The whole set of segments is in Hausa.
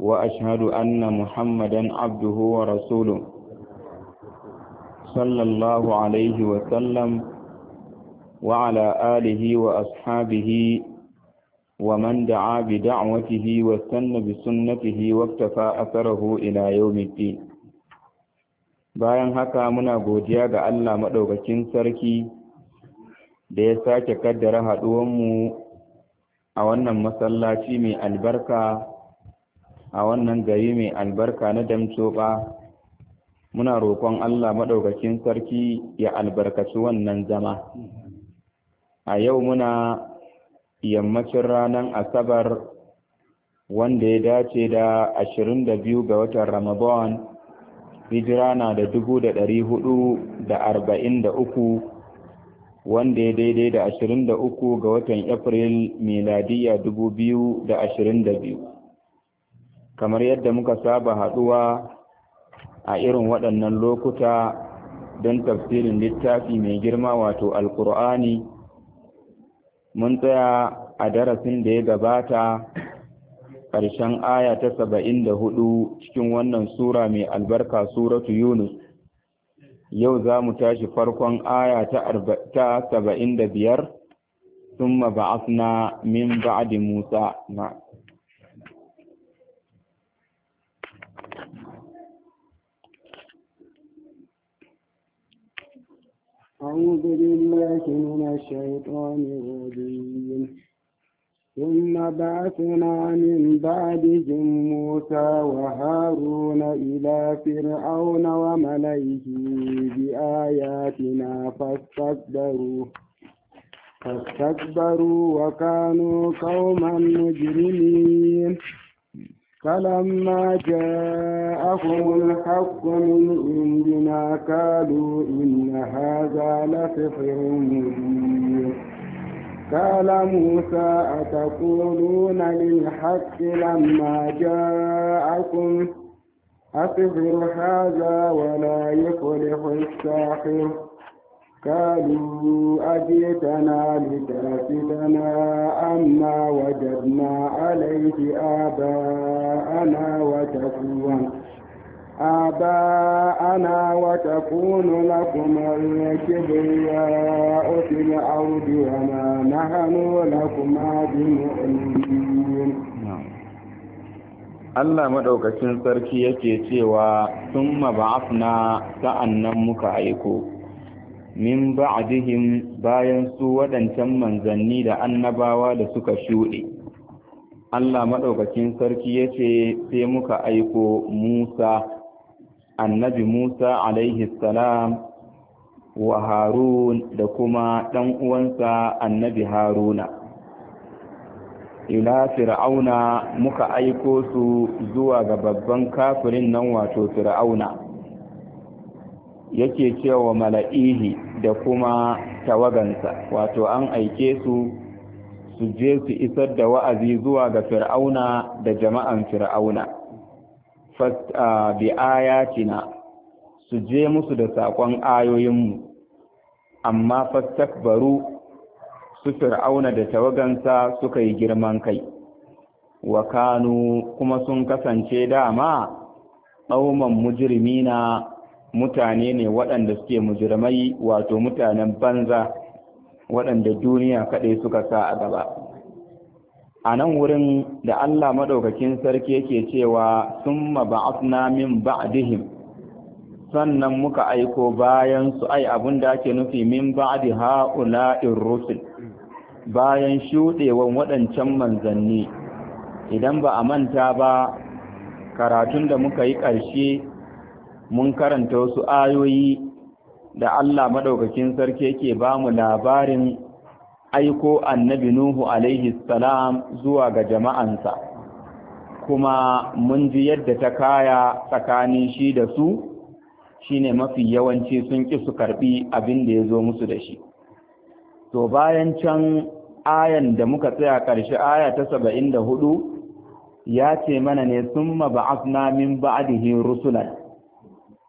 وأشهد أن محمدا عبده ورسوله صلى الله عليه وسلم وعلى آله وأصحابه ومن دعا بدعوته واستنى بسنته واكتفى أثره إلى يوم الدين bayan haka muna godiya ga Allah maɗaukakin sarki da ya sake kaddara haɗuwanmu a wannan masallaci mai albarka a wannan gari mai albarka na damcoba muna roƙon Allah maɗaukakin sarki ya albarkaci wannan zama a yau muna yammacin ranar asabar wanda ya dace da 22 ga watan ramadan hijira na da 443 wanda ya daidai da 23 ga watan april miladiyya 2022 kamar yadda muka saba haɗuwa a irin waɗannan lokuta don tafsirin littafi mai girma wato alkur'ani mun tsaya a darasin da ya gabata ƙarshen aya ta saba'in da hudu cikin wannan sura mai albarka suratu yunus yau za mu tashi farkon aya ta saba'in da biyar sun ba'athna min ba'adi musa أعوذ بالله من الشيطان الرجيم ثم بعثنا من بعدهم موسى وهارون إلى فرعون وملئه بآياتنا فاستكبروا فاستكبروا وكانوا قوما مجرمين فلما جاءهم الحق من عندنا قالوا إن هذا لسحر مبين قال موسى أتقولون للحق لما جاءكم أسحر هذا ولا يفلح الساحر قالوا أجئتنا لتأفتنا أما وجدنا عليه آباءنا وتكون آباءنا وتكون لكم الكبرياء في الأرض وما نحن لكما بمؤمنين Allah madaukakin sarki yake cewa sun mabafna maba'afna sa'annan muka aiko min ba'dihim bayan su waɗancan manzanni da annabawa da suka shuɗe Allah maɗaukakin sarki ya ce sai muka aiko Musa annabi Musa alaihi salam wa Harun da kuma ɗan uwansa annabi Haruna ila fir'auna muka aiko su zuwa ga babban kafirin nan wato fir'auna yake cewa mala'ihi da kuma tawagansa wato an aike su su je su isar da wa'azi zuwa ga fir'auna da jama'an fir'auna bi ayatina su je musu da saƙon ayoyinmu amma fastakbaru su fir'auna da tawagansa suka yi girman kai wa kanu kuma sun kasance dama ɗauman mujirimina mutane ne waɗanda suke mujirmai wato mutanen banza waɗanda duniya kaɗai suka sa a gaba a nan wurin da Allah maɗaukakin sarki yake cewa sun suna min ba'dihim sannan muka aiko bayan su ai abin da ake nufi min ba'di ha'ula'in rusul bayan shuɗewan waɗancan manzanni idan ba a manta ba karatun da muka yi ƙarshe mun karanta wasu ayoyi da Allah madaukakin sarki yake ba mu labarin aiko annabi Nuhu alaihi salam zuwa ga jama'ansa kuma mun ji yadda ta kaya tsakanin shi da su shine mafi yawanci sun ƙi su karɓi abin da ya zo musu da shi to bayan can ayan da muka tsaya ƙarshe aya ta saba'in da hudu ya ce mana ne sun ba'athna min ba'dihi rusulan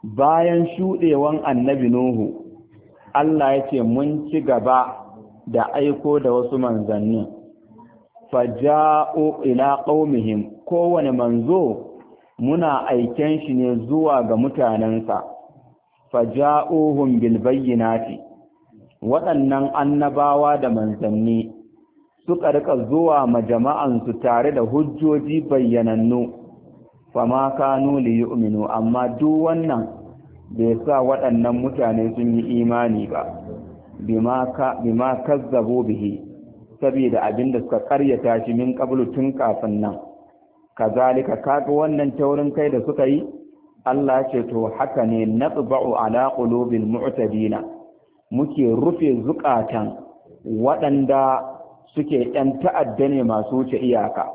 bayan shuɗewan annabi Nuhu, Allah ya mun ci gaba da aiko da wasu manzannin, faja'o ila ƙaumihim kowane manzo muna aiken shi ne zuwa ga mutanensa, faja'ohun bilbayyinati, waɗannan annabawa da manzanni suka rika zuwa ma jama'ansu tare da hujjoji bayyanannu. fama kanu li yu'minu amma duk wannan bai sa waɗannan mutane sun yi imani ba bima kazzabo bihi saboda abinda suka karyata shi min tun kafin nan kazalika kaga wannan taurin kai da suka yi Allah ce to haka ne natba'u ala qulubil mu'tadina muke rufe zukatan waɗanda suke ɗan ta'adda ne masu wuce iyaka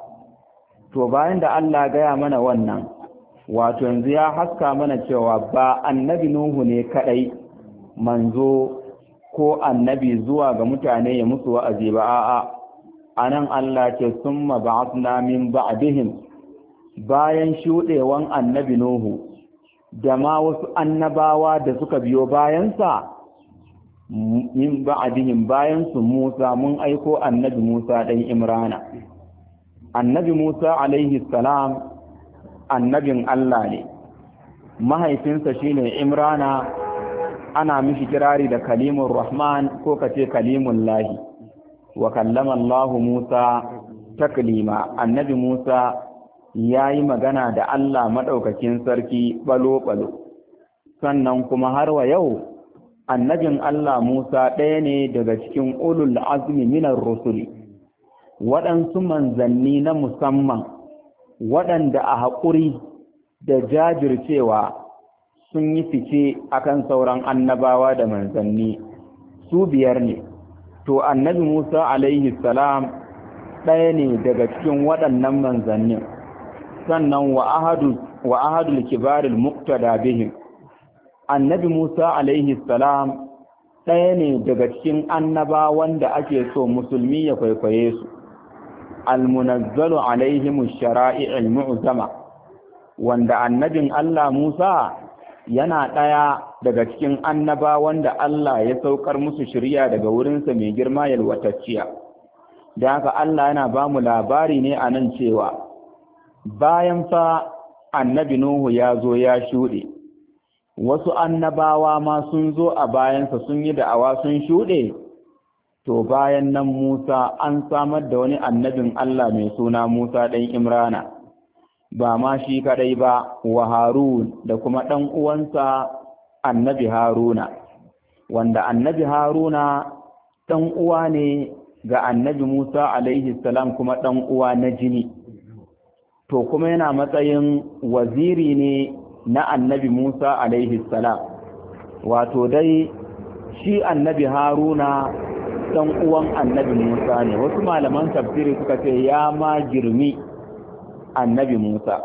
to bayan da Allah gaya mana wannan wato yanzu ya haska mana cewa ba annabi nuhu ne kadai manzo ko annabi zuwa ga mutane ya musu wa'azi ba a'a anan Allah ce summa ba'athna min ba'dihim bayan shudewan annabi nuhu da ma wasu annabawa da suka biyo bayansa min ba'dihim bayan su Musa mun aiko annabi Musa dan Imrana annabi Musa alaihi salam annabin Allah ne mahaifinsa shine Imrana ana mishi kirari da kalimun Rahman ko kace kalimun lahi wa kallama Allah Musa taklima annabi Musa yayi magana da Allah madaukakin sarki balo balo sannan kuma har wa yau annabin Allah Musa ɗaya ne daga cikin ulul azmi minar rusuli waɗansu manzanni na musamman waɗanda a haƙuri da jajircewa sun yi fice akan sauran annabawa da manzanni su biyar ne to annabi Musa alaihi salam ɗaya ne daga cikin waɗannan manzannin sannan wa ahadul kibaril muktada bihim annabi Musa alaihi salam ɗaya ne daga cikin annabawan da ake so musulmi ya kwaikwaye su almunazzalu alaihim shara'i'il mu'zama wanda annabin Allah Musa yana ɗaya daga cikin annabawan da Allah ya saukar musu shirya daga wurinsa mai girma yalwatacciya da haka Allah yana ba mu labari ne anan cewa bayan fa annabi Nuhu ya zo ya shuɗe wasu annabawa ma sun zo a bayansa sun yi da'awa sun shuɗe to bayan nan Musa an samar da wani annabin Allah mai suna Musa ɗan Imrana, ba ma shi kaɗai ba wa Harun da kuma ɗan uwansa annabi Haruna, wanda annabi Haruna ɗan uwa ne ga annabi Musa alaihi salam kuma ɗan uwa na jini, to kuma yana matsayin waziri ne na annabi Musa alaihi salam, wato dai shi annabi Haruna dan uwan annabi Musa ne wasu malaman tafsiri suka ce ya ma girmi annabi Musa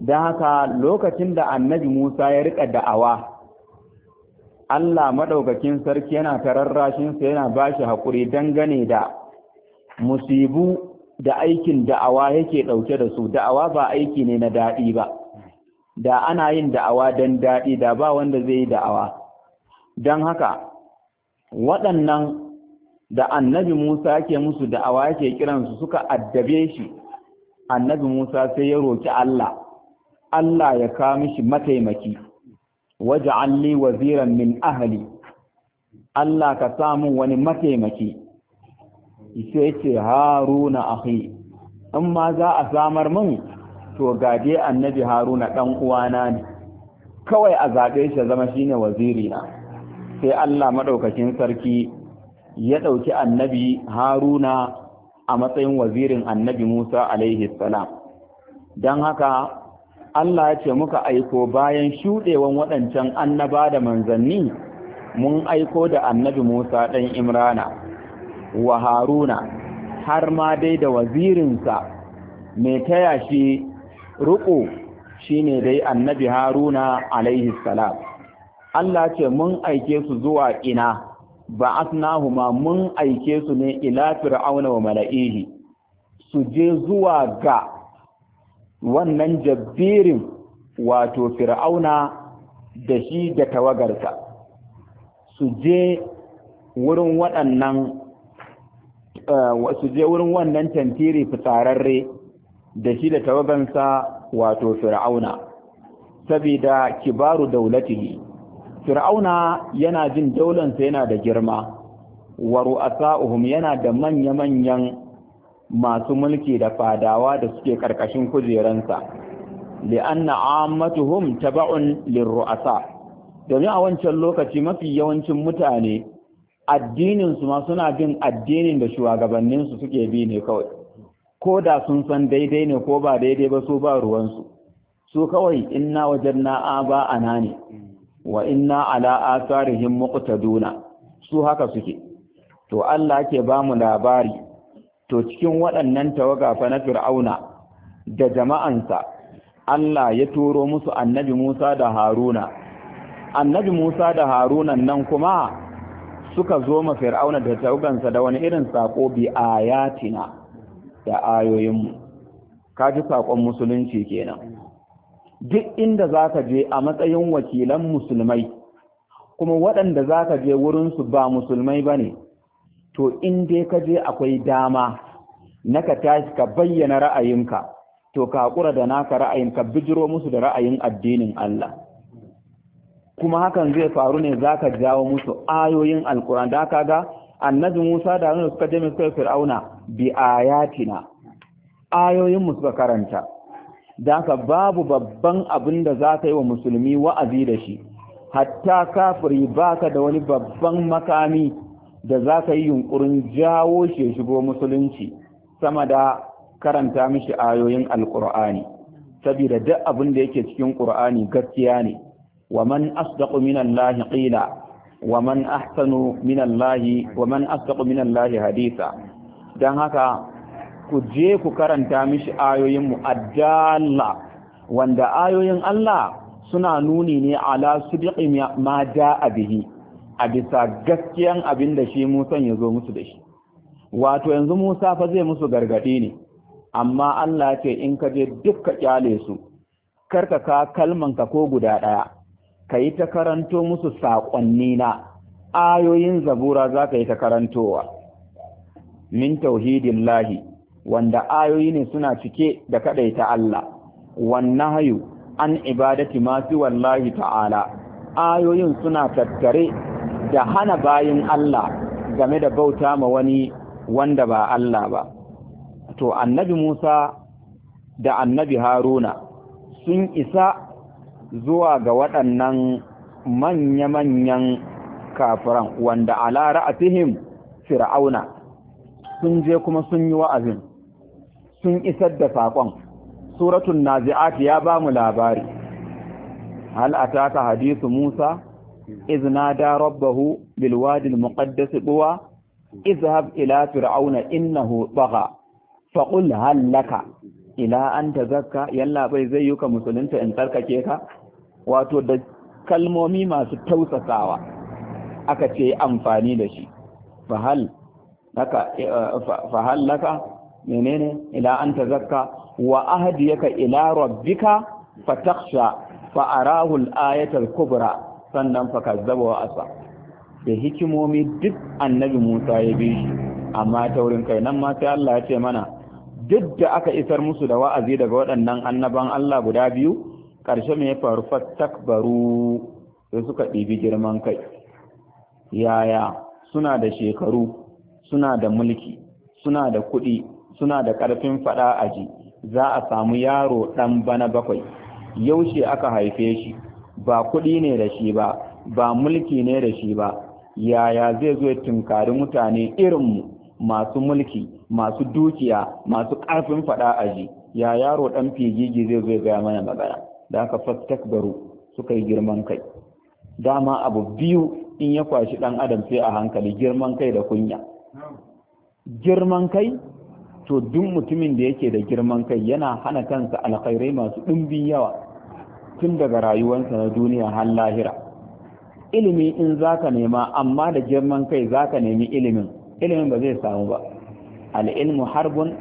don haka lokacin da annabi Musa ya rika da'awa Allah maɗaukakin sarki yana tararrashinsa yana ba shi haƙuri gane da musibu da aikin da'awa yake ɗauke da su da'awa ba aiki ne na daɗi ba da ana yin da'awa don daɗi da ba wanda zai yi da'awa don haka waɗannan da annabi Musa yake musu da awa yake kiransu suka addabe shi annabi Musa sai ya roki Allah Allah ya ka mishi mataimaki waj'al li waziran min ahli Allah ka samu wani mataimaki sai ce Haruna akhi in ma za a samar min to gade annabi Haruna dan uwana ne kawai a zabe shi zama shine waziri na sai Allah madaukakin sarki ya ɗauki annabi haruna a matsayin wazirin annabi musa alaihi salam don haka allah ya ce muka aiko bayan shuɗewan waɗancan annaba da manzanni mun aiko da annabi musa ɗan imrana wa haruna har ma dai da wazirinsa mai taya shi shi shine dai annabi haruna alaihi salam Allah ce mun aike su zuwa ina ba'athnahuma mun aike su ne ila fir'auna wa mala'ihi su je zuwa ga wannan jabbirin wato fir'auna da shi da tawagarsa su je wurin waɗannan eh, su je wurin wannan tantiri fitsararre da shi da tawagansa wato fir'auna saboda kibaru daulatihi fir'auna yana jin daularsa yana da girma wa ru'asa'uhum yana da manya-manyan masu mulki da fadawa da suke karkashin kujeransa li'anna ammatuhum taba'un lirru'asa domin a wancan lokaci mafi yawancin mutane addininsu ma suna bin addinin da shugabanninsu suke bi ne kawai ko da sun san daidai ne ko ba daidai ba su ba ruwansu su kawai inna wajen na'a ba ana ne wa inna ala asarihim muqtaduna su haka suke to Allah yake bamu labari to cikin waɗannan tawaga fa na fir'auna da jama'ansa Allah ya turo musu annabi Musa da Haruna annabi Musa da Haruna nan kuma suka zo ma fir'auna da tawagansa da wani irin sako bi ayatina da ayoyinmu kaji sakon musulunci kenan duk inda za ka je a matsayin wakilan musulmai kuma waɗanda za ka je wurinsu ba musulmai ba ne to in dai ka je akwai dama na ka tashi ka bayyana ra'ayinka to ka haƙura da naka ra'ayin ka bijiro musu da ra'ayin addinin Allah kuma hakan zai faru ne za ka jawo musu ayoyin alkuran da ka ga annabi Musa da suka je mai fir'auna bi ayatina ayoyin mu suka karanta da haka babu babban abin da za ka yi wa musulmi wa'azi da shi hatta kafiri ba ka da wani babban makami da za ka yi yunkurin jawo shi shigo musulunci sama da karanta mishi ayoyin alkur'ani saboda duk abin da yake cikin Ƙur'ani gaskiya ne wa man asdaqu minallahi qila wa man ahsanu minallahi wa man haditha dan haka ku je ku karanta mishi ayoyin mu'addalla wanda ayoyin Allah suna nuni ne ala sudqi ma da'a bihi a bisa gaskiyan abin da shi Musa ya zo musu da shi wato yanzu Musa fa zai musu gargadi ne amma Allah ce in ka je dukka kyale su karka ka kalman ka ko guda daya kai ta karanto musu sakonni na ayoyin zabura za ka yi ta karantowa min tauhidillahi wanda ayoyi ne suna cike da kadaita Allah wanna hayu an ibadati ma fi wallahi ta'ala ayoyin suna tattare da hana bayin Allah game da bauta ma wani wanda ba Allah ba to annabi Musa da annabi Haruna sun isa zuwa ga waɗannan manya-manyan kafiran wanda ala ra'atihim fir'auna sun je kuma sun yi wa'azin sun isar da saƙon suratun nazi'at ya ba mu labari hal taka hadisu musa iz da rabbahu bil muƙaddasi al izhab ila fir'auna innahu tagha faqul hal laka ila an tazakka yalla bai zai yuka musulunta in tsarkake ka wato da kalmomi masu tausasawa aka ce amfani da shi fahal fahal laka eh, menene ila an zakka? wa ahdiyaka ila rabbika fatakhsha fa arahu al-ayata al-kubra sannan fa kazzaba wa asa da hikimomi duk annabi Musa ya bi shi amma taurin kai nan ma sai Allah ya ce mana duk da aka isar musu da wa'azi daga waɗannan annaban Allah guda biyu ƙarshe me ya faru fatakbaru sai suka ɗibi girman kai yaya suna da shekaru suna da mulki suna da kuɗi suna da ƙarfin faɗa a ji za a samu yaro ɗan bana bakwai yaushe aka haife shi ba kuɗi ne da shi ba ba mulki ne da shi ba yaya zai zo tunkari mutane irinmu masu mulki masu dukiya masu ƙarfin faɗa a ji ya yaro ɗan figigi zai zo gaya mana magana da aka baro suka yi girman kai dama abu biyu in ya kwashi ɗan adam sai a hankali girman kai da kunya girman kai to duk mutumin da yake da girman kai yana hana kansa alkhairai masu ɗumbin yawa tun daga rayuwarsa na duniya har lahira ilimi in zaka nema amma da girman kai zaka nemi ilimin ilimin ba zai samu ba al'ilmu harbun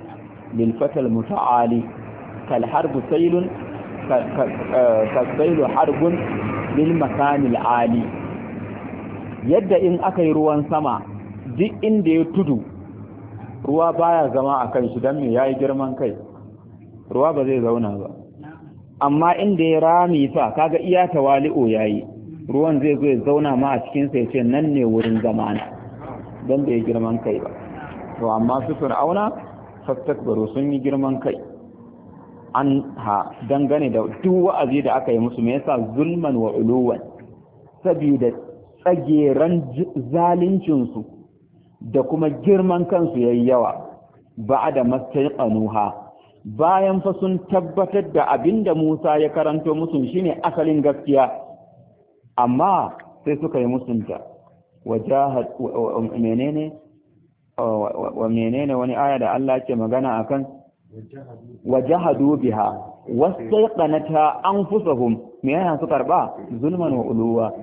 lil fatal muta'ali kal harbu sailun kasailu harbun lil makanil ali yadda in aka yi ruwan sama duk inda ya tudu ruwa baya zama a kan shi don me ya yi girman kai ruwa ba zai zauna ba amma inda ya rami fa kaga iya tawali'o ya yi ruwan zai zo zauna ma a cikinsa ya ce nan ne wurin zamana don da ya girman kai ba to amma su fir'auna baro sun yi girman kai an ha dangane da duk wa'azi da aka yi musu me yasa zulman wa uluwan saboda tsageran zalincinsu su da kuma girman kansu yayi yawa ba da mastaiqanuha bayan fa sun tabbatar da abinda Musa ya karanto musu shine asalin gaskiya amma sai suka yi musunta menene wa menene wani aya da Allah yake magana akan wajahadu biha wastaiqanata anfusuhum me yana su karba zulman wa uluwa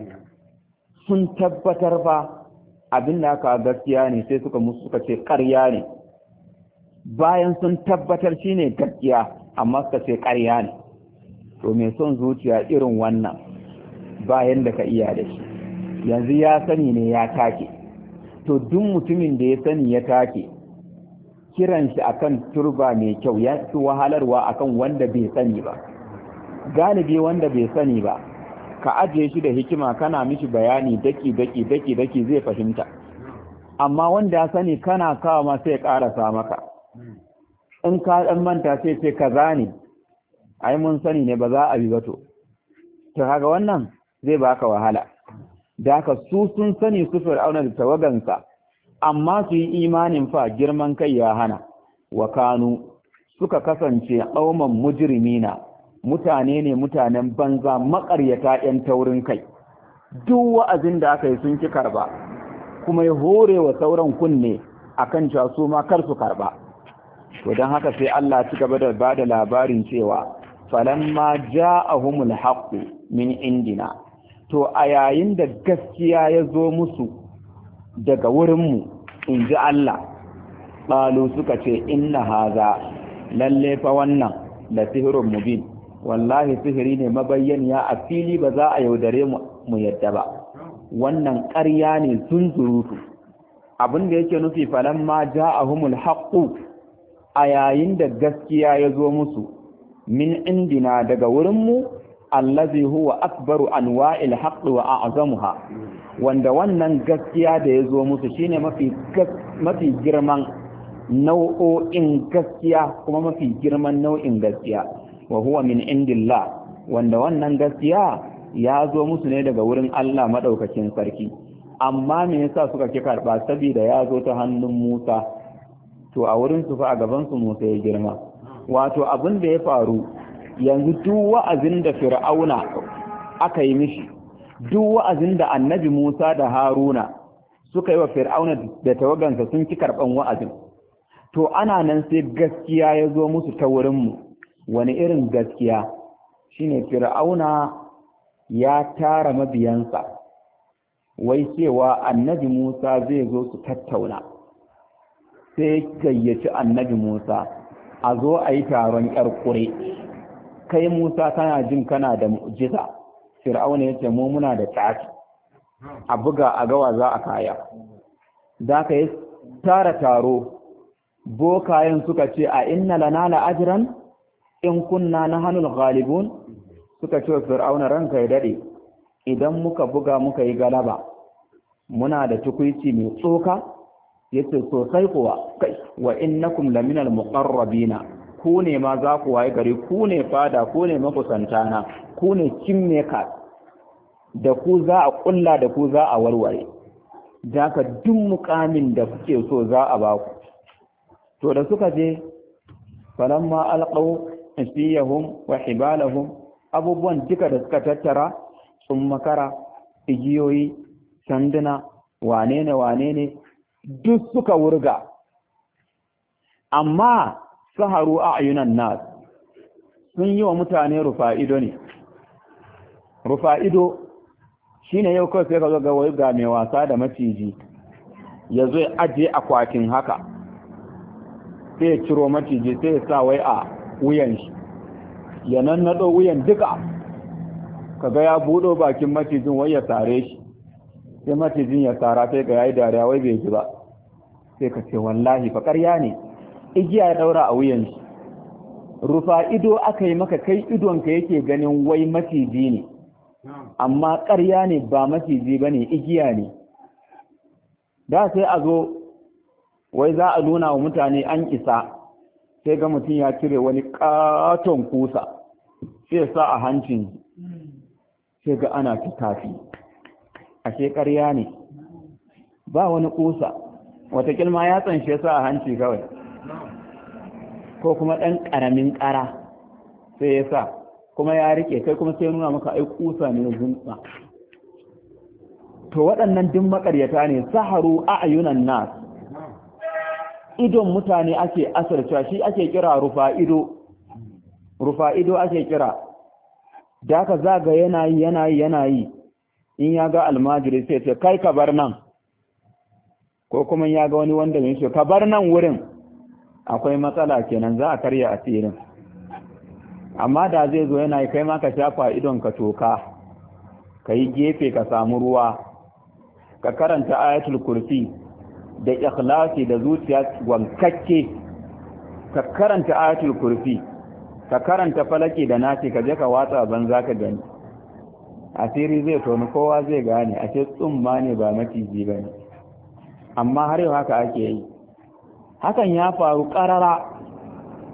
sun tabbatar ba. abin da aka gaskiya ne sai suka musu suka ce ƙarya ne bayan sun tabbatar shi shine gaskiya amma suka ce ƙarya ne to mai son zuciya irin wannan bayan da ka iya da shi yanzu ya sani ne ya take to duk mutumin da ya sani ya take kiran shi akan turba mai kyau ya fi wahalarwa akan wanda bai sani ba galibi wanda bai sani ba ka ajiye shi da hikima kana mishi bayani daki daki daki daki zai fahimta amma wanda ya sani kana kawo ma sai karasa maka in ka dan manta sai ce kaza ne ai mun sani ne ba za a bi ba to to wannan zai baka wahala da haka su sun sani su fir'auna da tawagansa amma su yi imanin fa girman kai ya hana wa kanu suka kasance qauman mujrimina mutane ne mutanen banza maƙaryata 'yan taurin kai duk wa'azin da aka yi sun ki karba kuma ya hore wa sauran kunne akan cewa su ma kar su karba to don haka sai Allah ci gaba da bada labarin cewa falamma ja'ahumul haqqu min indina to a yayin da gaskiya ya zo musu daga wurinmu in ji Allah ƙalu suka ce inna haza lalle fa wannan da sihirin mubin wallahi sihiri ne mabayyaniya a fili ba za a yaudare mu yadda ba wannan ƙarya ne zunzurutu abin da yake nufi falon ma humul haƙƙu a yayin da gaskiya ya zo musu min indina daga wurinmu allazi huwa akbaru anwa'il haqqi wa a'zamuha wanda wannan gaskiya da ya zo musu shine mafi mafi girman nau'o'in gaskiya kuma mafi girman nau'in gaskiya wa huwa min indillah wanda wannan gaskiya ya zo musu ne daga wurin Allah madaukakin sarki amma me yasa suka ki karba saboda ya zo ta hannun Musa to a wurin su fa a gaban su Musa ya girma wato abin da ya faru yanzu duk wa'azin da Fir'auna aka yi mishi duk wa'azin da Annabi Musa da Haruna suka yi wa Fir'auna da tawagansa sun ki karban wa'azin to ana nan sai gaskiya ya zo musu ta wurin mu wani irin gaskiya shine fir'auna ya tara mabiyansa wai cewa annabi Musa zai zo su tattauna sai gayyaci annabi Musa a zo a yi taron ƴar ƙure kai Musa kana jin kana da mu'jiza fir'auna ya ce mu muna da tsaki a buga a gawa za a kaya da ka yi tara taro bokayen suka ce a inna lana la'ajiran? ajran in kunna na hannun galibun suka ce wa fir'auna ranka ya daɗe idan muka buga muka yi galaba muna da tukuici mai tsoka ya ce sosai kuwa kai wa innakum laminal muqarrabina ku ne ma za ku waye gari ku ne fada ku ne makusantana ku ne kingmaker da ku za a kulla da ku za a warware da duk mukamin da kuke so za a ba ku to da suka je falamma alqaw asiyahum wa hibalahum abubuwan duka da suka tattara sun makara igiyoyi sanduna wane ne wane ne duk suka wurga amma saharu a ayunan nas sun yi wa mutane rufa'ido ne rufa'ido shi ne yau kawai sai ka zaga ga wai mai wasa da maciji ya zo ya ajiye akwatin haka sai ya ciro maciji sai ya sa wai a wuyan shi ya nannaɗo wuyan duka kaga ya buɗo bakin macijin wai ya tare shi sai macijin ya tara sai ga yayi dariya wai bai ji ba sai ka ce wallahi fa ƙarya ne igiya ya daura a wuyan shi rufa ido aka yi maka kai idonka yake ganin wai maciji ne amma ƙarya ne ba maciji ba ne igiya ne da sai a zo wai za a nuna wa mutane an isa sai ga mutum ya cire wani katon kusa sai sa a hancin sai ga ana ta tafi a shekarya ne ba wani kusa watakil ma ya tsanshe sa a hanci kawai ko kuma ɗan ƙaramin ƙara sai ya sa kuma ya rike kai kuma sai nuna maka aiki kusa ne zunsa to waɗannan duk makaryata ne saharu a ayunan nasu idon mutane ake asarta shi ake kira rufa ido, rufa ido ake kira da aka zaga yanayi yanayi yanayi in ya ga almajiri sai ce kai ka bar nan ko kuma ya ga wani wanda mai shi ka bar nan wurin akwai matsala kenan za a karya asirin amma da zai zo yana kai ma ka shafa idon ka toka ka yi gefe ka samu ruwa ka karanta ayatul kursi da ikhlasi da zuciya wankakke ka karanta ayatul kursi ka karanta falaki da nasi ka je ka watsa banza ka gani asiri zai toni kowa zai gane ashe tsumma ne ba maciji ba ne amma har yau haka ake yi hakan ya faru ƙarara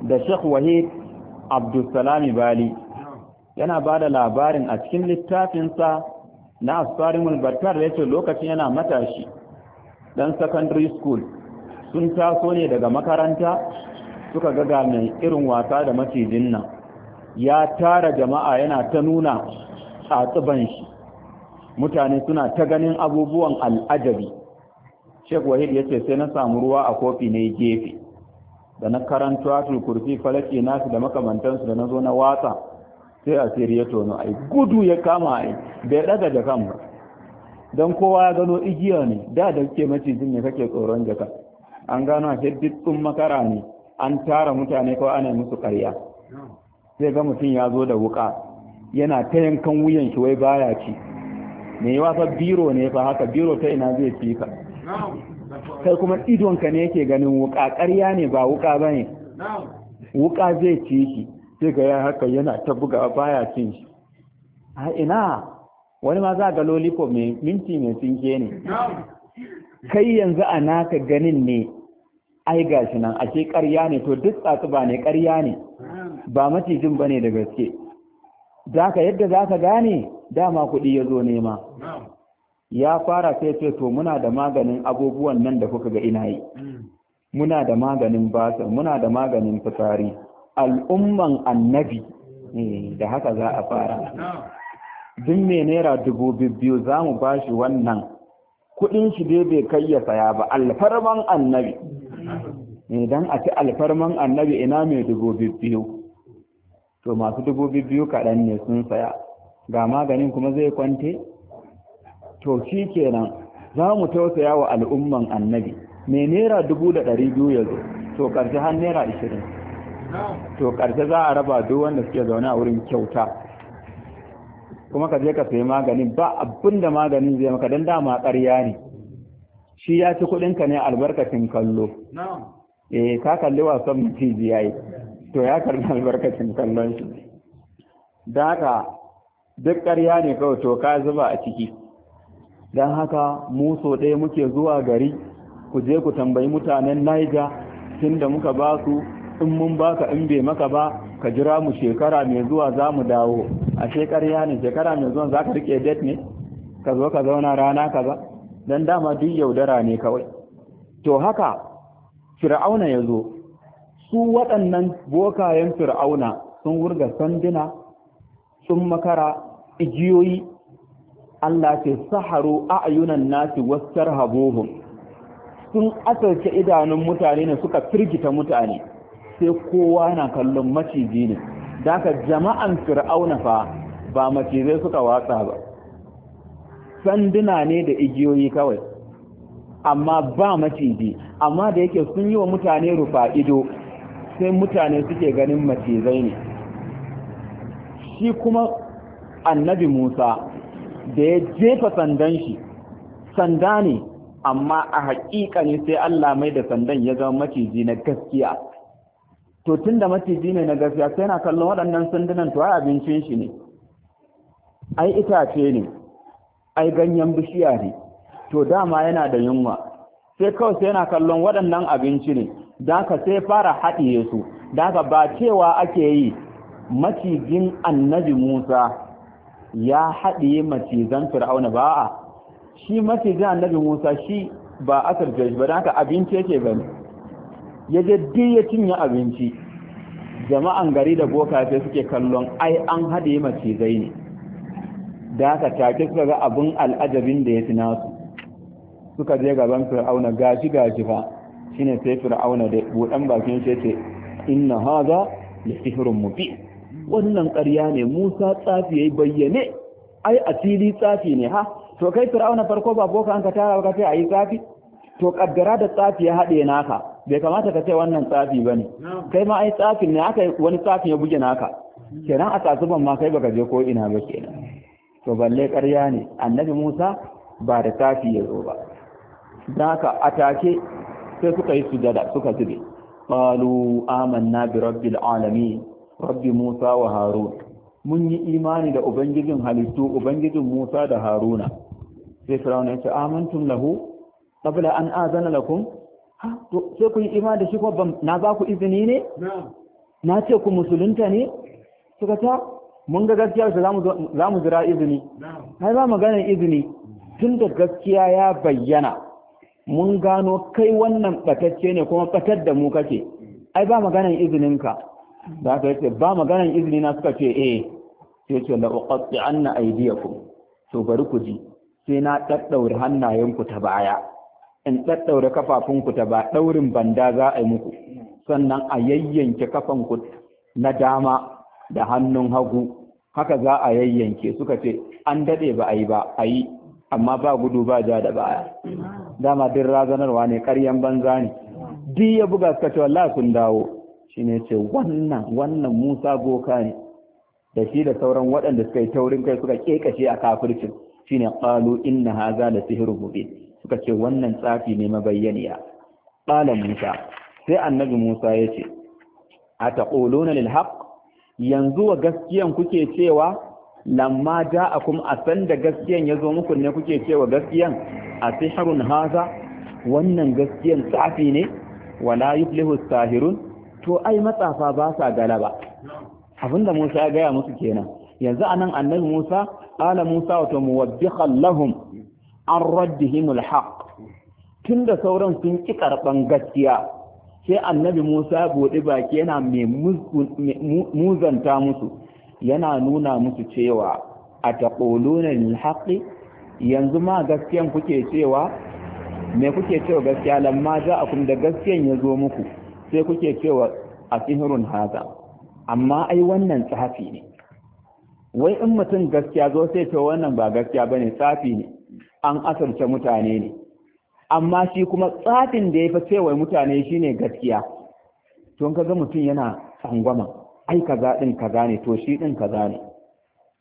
da sheikh wahid abdulsalami bali yana ba da labarin a cikin littafinsa na asfarin mulbattar da ce lokacin yana matashi dan secondary school sun taso ne daga makaranta suka gaga mai irin wasa da macijin nan ya tara jama'a yana ta nuna tsatsuban shi mutane suna ta ganin abubuwan al'ajabi Sheikh Wahid ya ce sai na samu ruwa a kofi ne gefe da na karanto atul kurfi falaki nasu da makamantansu da na zo na watsa sai a ya tono ai gudu ya kama ai bai daga jakan ba don kowa ya gano igiya ne da da ke macijin ne kake tsoron jaka an gano a dukkan makara ne an tara mutane kawai ana musu karya sai ga mutum ya zo da wuka yana ta yankan wuyan shi wai baya ci me yawa fa biro ne fa haka biro ta ina zai ci ka kai kuma idonka ne yake ganin wuka ƙarya ne ba wuka bane wuka zai ci shi sai ga ya haka yana ta buga baya cin shi a ina wani ma za ga lolipop mai minti mai tsinke ne kai yanzu a naka ganin ne ai gashi nan ashe karya ƙarya ne to duk tsatsuba ne ƙarya ne ba macijin ne da gaske zaka yadda za ka gane dama kuɗi ya zo nema ya fara sai ce to muna da maganin abubuwan nan da kuka ga ina yi muna da maganin basir muna da maganin fitari. al'umman annabi eh, da haka za a fara duk mai naira dubu biyu za mu ba shi wannan kuɗin shi dai bai kai ya saya ba alfarman annabi idan a ci alfarman annabi ina mai dubu biyu to masu dubu biyu kaɗan ne sun saya ga maganin kuma zai kwante to shi kenan za mu tausaya wa al'umman annabi mai naira dubu da ɗari biyu ya zo to ƙarshe har naira ishirin. to ƙarshe za a raba duk wanda suke zaune a wurin kyauta kuma ka je ka sayi maganin ba abin da maganin zai maka don dama ƙarya ne shi ya ci kuɗinka ne albarkacin kallo eh ka kalli wasan mutum yayi to ya karbi albarkacin kallon shi Da haka duk ƙarya ne kawai to ka zuba a ciki don haka mu so ɗaya muke zuwa gari ku je ku tambayi mutanen Niger tun da muka ba su in mun baka in bai maka ba ka jira mu shekara mai zuwa za mu dawo a shekarya ne shekara mai zuwa za ka rike det ne ka zo ka zauna rana kaza don dama duk yaudara ne kawai to haka fir'auna ya zo su waɗannan bokayen fir'auna sun wurga sanduna sun makara igiyoyi Allah ke saharo a ayunan nasi wasu sun asarce idanun mutane ne suka firgita mutane sai kowa na kallon maciji ne Da ka jama'an fir'auna fa ba macizai suka watsa ba sanduna ne da igiyoyi kawai amma ba maciji amma da yake sun yi wa mutane rufa ido sai mutane suke ganin macizai ne shi kuma annabi musa da ya jefa sandan shi sanda ne amma a haƙiƙa ne sai allah mai da sandan ya zama maciji na gaskiya to tun da maciji ne na gaskiya sai na kallon waɗannan sandunan to ai abincin shi ne ai itace ne ai ganyen bishiya ne to dama yana da yunwa sai kawai sai na kallon waɗannan abinci ne da ka sai fara haɗiye su da ka ba cewa ake yi macijin annabi musa ya haɗiye macizan fir'auna ba a shi macijin annabi musa shi ba asar jaji ba da haka abinci yake gani ya je ya cinye abinci jama'an gari da boka sai suke kallon ai an haɗe macizai ne da aka take suka ga abin al'ajabin da ya fi nasu suka je gaban fir'auna gashi gashi fa shine sai fir'auna da buɗan bakin shi ce inna haza la sihrun mubin wannan ƙarya ne Musa tsafi yayi bayyane ai asili tsafi ne ha to kai fir'auna farko ba boka an ka tara ka sai ayi tsafi to kaddara da tsafi ya haɗe naka bai kamata ka ce wannan tsafi ba ne kai ma ai tsafin ne aka wani tsafin ya buge naka kenan a tsatsuban ma kai baka je ko ina ba kenan to balle ƙarya ne annabi musa ba da tsafi ya zo ba don haka a take sai suka yi sujada suka zube qalu amanna bi rabbil alamin rabbi musa wa harun mun yi imani da ubangijin halittu ubangijin musa da haruna sai firawun ya ce lahu qabla an azana lakum to sai ku yi imani da shi ko na ba ku izini ne na ce ku musulunta ne suka ta mun ga gaskiyar su za mu jira izini ai ba maganar izini tun da gaskiya ya bayyana mun gano kai wannan batacce ne kuma batar da mu kake ai ba maganar izininka da aka yace ba maganar izini na suka ce eh sai ce la uqatti anna aydiyakum to bari ku ji sai na daddaure hannayenku ta baya in ɗaɗɗaure kafafunku ta ba ɗaurin banda za a yi muku sannan a yayyanke kafanku na dama da hannun hagu haka za a yayyanke suka ce an daɗe ba a yi ba a yi amma ba gudu ba ja da baya dama din razanarwa ne ƙaryan banza ne duk ya buga suka ce wallahi sun dawo shine ce wannan wannan Musa goka ne da shi da sauran waɗanda suka yi taurin kai suka kekashe a kafircin shine qalu inna haza da sihirin mubin suka ce wannan tsafi ne mabayyaniya qala musa sai annabi musa ya ce A taƙolo lil haqq yanzu wa gaskiyan kuke cewa lamma a asan da gaskiyan yazo muku ne kuke cewa gaskiyan harun haza wannan gaskiyan tsafi ne wala yuflihu sahirun to ai matsafa ba sa galaba abinda Musa ya gaya musu kenan yanzu anan annabi Musa qala Musa wa muwaddihan lahum an raddihimul haq tunda sauran sun ki karban gaskiya sai annabi Musa buɗe baki yana mai muzanta musu yana nuna musu cewa a taquluna lil yanzu ma gaskiyan kuke cewa me kuke cewa gaskiya lamma da gaskiyan yazo muku sai kuke cewa asihirun haza amma ai wannan tsafi ne wai in mutum gaskiya zo sai ce wannan ba gaskiya bane tsafi ne an asarce mutane ne amma shi kuma tsafin da ya fi cewa mutane shi ne gaskiya to ka ga mutum yana tsangwama ai kaza ɗin kaza ne to shi ɗin kaza ne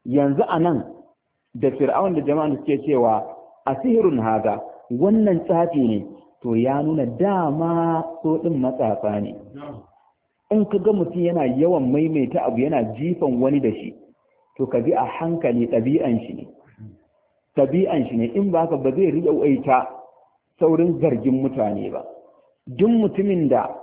yanzu a nan da fir'aun da jama'an suke cewa a sihirin haga wannan tsafi ne to ya nuna dama so ɗin matsafa ne in ka ga mutum yana yawan maimaita abu yana jifan wani da shi to ka bi a hankali ɗabi'an shi ne tabi'an shi ne in ba haka ba zai riƙa saurin zargin mutane ba duk mutumin da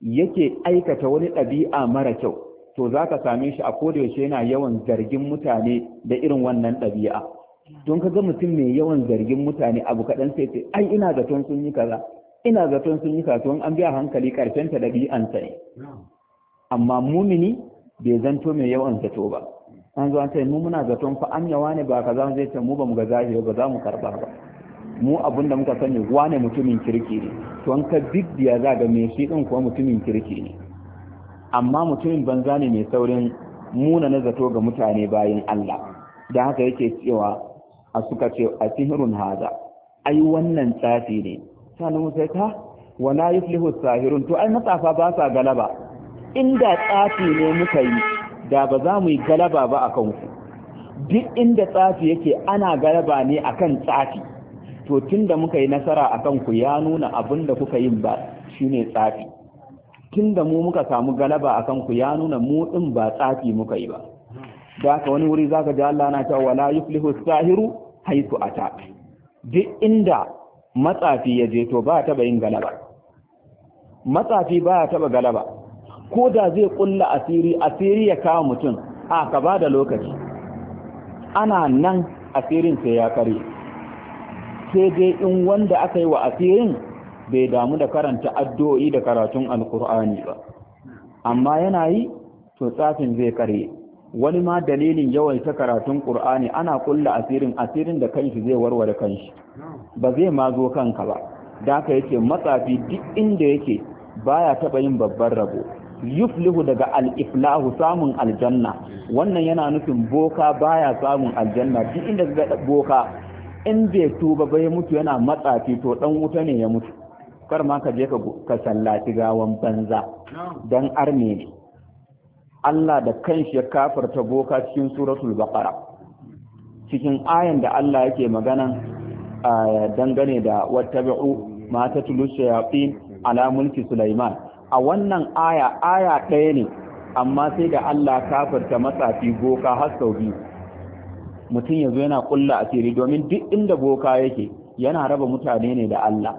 yake aikata wani ɗabi'a mara kyau to za ka same shi a kodayaushe yana yawan zargin mutane da irin wannan ɗabi'a don ka ga mutum mai yawan zargin mutane abu kaɗan sai ce ai ina zaton sun yi kaza ina zaton sun yi kasuwan an biya hankali karfenta ta ɗabi'ansa ne amma mumini bai zanto mai yawan zato ba an zo an ce mu muna zaton fa yawa ne ba kaza mu zai ce mu ba mu ga zahiri ba za mu karba ba mu abin da muka sani wane mutumin kirki ne to an ka bibbiya za ga me shi din kuwa mutumin kirki ne amma mutumin banza ne mai saurin muna na zato ga mutane bayan Allah da haka yake cewa a suka ce a sihirun haza ai wannan tsafi ne sanin sai ka wala yuflihu sahirun to ai matsafa ba sa galaba inda tsafi ne muka yi da ba za mu yi galaba ba a kanku duk inda tsafi yake ana galaba ne akan tsafi to tunda muka yi nasara a kanku ya nuna abin da kuka yin ba shine tsafi tunda mu muka samu galaba a kanku ya nuna mu ba tsafi muka yi ba da ka wani wuri zaka ji Allah na cewa wala yuflihu sahiru haitu ata duk inda matsafi ya je to ba ta bayin galaba matsafi ba ta ba galaba ko da zai kulla asiri asiri ya kawo mutum a ka ba da lokaci ana nan asirin sai ya kare sai dai in wanda aka yi wa asirin bai damu da karanta addu'o'i da karatun alkur'ani ba amma yana yi to tsafin zai kare wani ma dalilin yawan ta karatun ƙur'ani ana kulla asirin asirin da kanshi zai warware kanshi ba zai ma zo kanka ba da aka yake matsafi duk inda yake baya taɓa yin babban rabo yuflihu daga al-iflahu samun aljanna wannan yana nufin boka baya samun aljanna duk inda ga boka in bai tuba bai mutu yana matsafi to dan wuta ne ya mutu kar ma ka je ka ka sallaci gawan banza dan arme Allah da kanshi ya kafarta boka cikin suratul baqara cikin ayan da Allah yake magana dangane da wattabi'u ma tatlu shayatin ala mulki sulaiman a wannan aya aya ɗaya ne amma sai da Allah kafirta matsafi boka har sau biyu mutum ya zo yana kulla asiri domin duk inda boka yake yana raba mutane ne da Allah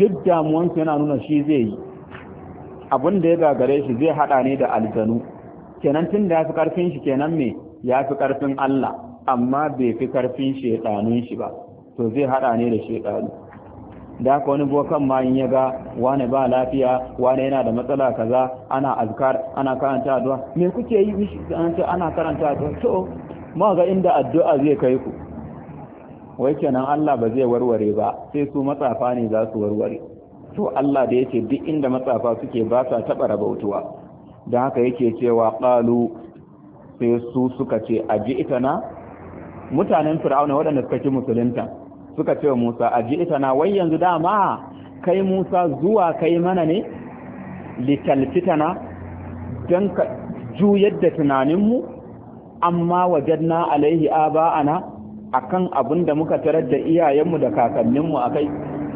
duk damuwansu yana nuna shi zai yi abin da ya gagare shi zai haɗa ne da aljanu kenan tun da ya fi ƙarfin shi kenan me ya fi ƙarfin Allah amma bai fi ƙarfin shaiɗanun shi ba to zai haɗa ne da shaiɗanu da haka wani bokan ma in ya ga wane ba lafiya wane yana da matsala kaza ana azkar ana karanta addu'a me kuke yi mishi an ce ana karanta addu'a to ma ga inda addu'a zai kai ku wai kenan Allah ba zai warware ba sai su matsafa ne za su warware to Allah da yake duk inda matsafa suke ba sa taba rabautuwa dan haka yake cewa qalu sai su suka ce aji itana mutanen fir'auna waɗanda suka ci musulunta suka ce wa Musa ita na wai yanzu dama kai Musa zuwa kai mana ne litalfitana don ka juyar da tunaninmu amma na alaihi a akan abin da muka tarar da iyayenmu da kakanninmu akai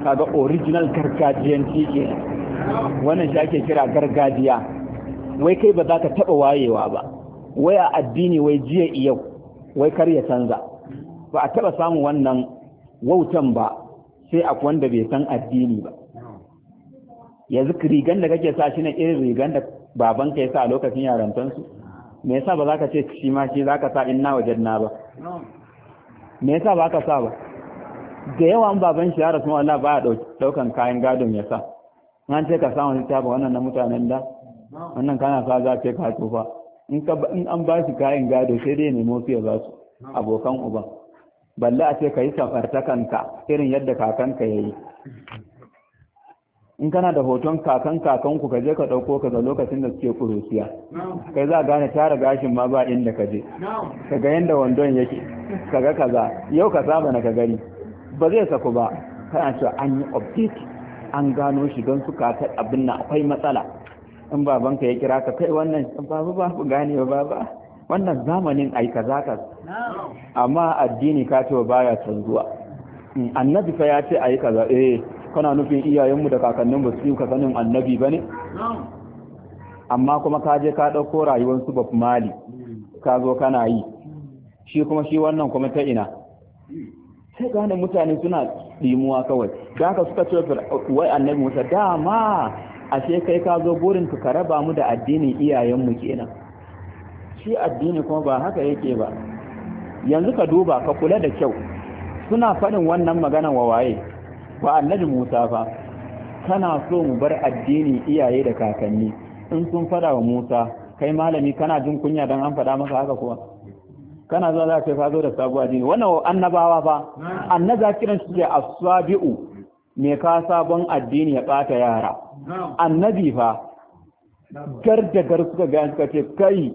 kaga original gargajiyanci ke wannan shi ake kira gargajiya wai kai ba za ka taba wayewa ba wai a addini wai jiya yau wai kar ya canza ba a taɓa samun wannan wautan ba sai a wanda bai san addini ba yanzu rigan da kake sa shi ne irin rigan da babanka ya sa a lokacin su me yasa ba za ka ce shi ma shi za ka sa inna wajen na ba me yasa ba ka sa ba da yawa an baban shi ya rasu Allah ba ya daukan kayan gadon ya sa an ce ka sa wani tabo wannan na mutanen da wannan kana sa za ce ka tofa in an ba shi kayan gado sai dai ne mofiya ya ba su abokan uban balle a ce ka yi ka irin yadda kakanka ya yi in kana da hoton kakan kakanku ka je ka ɗauko ka ga lokacin da suke kurusiya kai za a gane tara gashin ma ba inda ka je ka ga yadda wandon yake ka ga kaza yau ka saba na ka gani ba zai saku ba kana cewa an yi update an gano shi don su kaka abin na akwai matsala in babanka ya kira ka kai wannan babu babu gane ba ba wannan zamanin aika kaza amma addini ka ce baya canzuwa mm, annabi fa ya ce ayi kaza eh kana nufin iyayenmu da kakannin ba su yi ka sanin annabi bane amma kuma ka je ka dauko rayuwar su mali mm. ka zo kana yi mm. shi kuma shi wannan kuma ta ina sai ga wannan mutane suna dimuwa kawai da ka suka ce wai annabi Musa dama ashe kai ka zo burin ka raba mu da addinin iyayenmu kenan shi addini kuma ba haka yake ba yanzu ka duba ka kula da kyau suna faɗin wannan magana wa waye wa annabi Musa fa kana so mu bar addini iyaye da kakanni in sun faɗa wa Musa kai malami kana jin kunya dan an faɗa maka haka kuwa kana zuwa za ka zo da sabu addini wannan annabawa fa annaza kiran shi ke aswabi'u me ka sabon addini ya ɓata yara annabi fa gar da gar suka ga suka ce kai